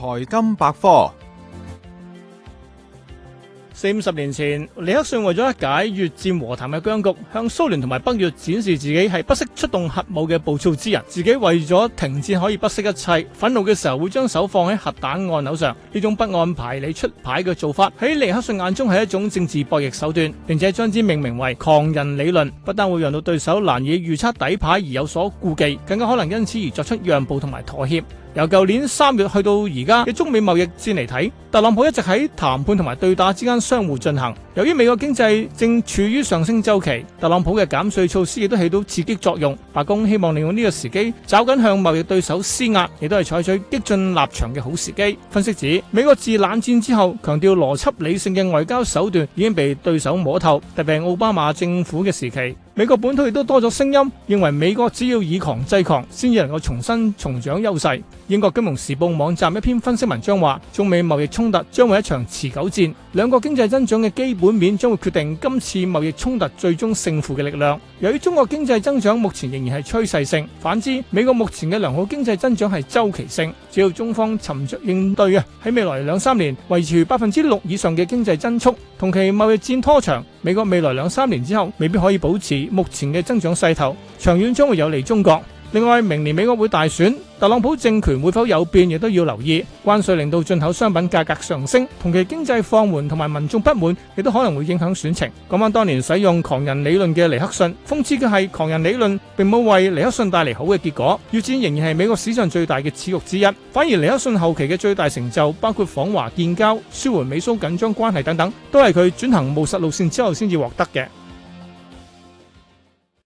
財金百科，四五十年前，尼克遜為咗一解越戰和談嘅僵局，向蘇聯同埋北越展示自己係不惜出動核武嘅暴躁之人。自己為咗停戰可以不惜一切，憤怒嘅時候會將手放喺核彈按鈕上。呢種不按牌理出牌嘅做法，喺尼克遜眼中係一種政治博弈手段，並且將之命名為“狂人理論”。不但會讓到對手難以預測底牌而有所顧忌，更加可能因此而作出讓步同埋妥協。由舊年三月去到而家嘅中美貿易戰嚟睇，特朗普一直喺談判同埋對打之間相互進行。由於美國經濟正處於上升週期，特朗普嘅減稅措施亦都起到刺激作用。白宮希望利用呢個時機，抓緊向貿易對手施壓，亦都係採取激進立場嘅好時機。分析指，美國自冷戰之後，強調邏輯理性嘅外交手段已經被對手摸透，特別係奧巴馬政府嘅時期。美國本土亦都多咗聲音，認為美國只要以狂制狂，先至能夠重新重掌優勢。英國金融時報網站一篇分析文章話：中美貿易衝突將會一場持久戰。兩國經濟增長嘅基本面將會決定今次貿易衝突最終勝負嘅力量。由於中國經濟增長目前仍然係趨勢性，反之美國目前嘅良好經濟增長係周期性。只要中方沉着應對嘅，喺未來兩三年維持百分之六以上嘅經濟增速，同期貿易戰拖長，美國未來兩三年之後未必可以保持目前嘅增長勢頭，長遠將會有利中國。另外，明年美國會大選，特朗普政權會否有變，亦都要留意。關稅令到進口商品價格上升，同期經濟放緩同埋民眾不滿，亦都可能會影響選情。講翻當年使用狂人理論嘅尼克遜，諷刺嘅係狂人理論並冇為尼克遜帶嚟好嘅結果，越戰仍然係美國史上最大嘅恥辱之一。反而尼克遜後期嘅最大成就，包括訪華建交、舒緩美蘇緊張關係等等，都係佢轉行務實路線之後先至獲得嘅。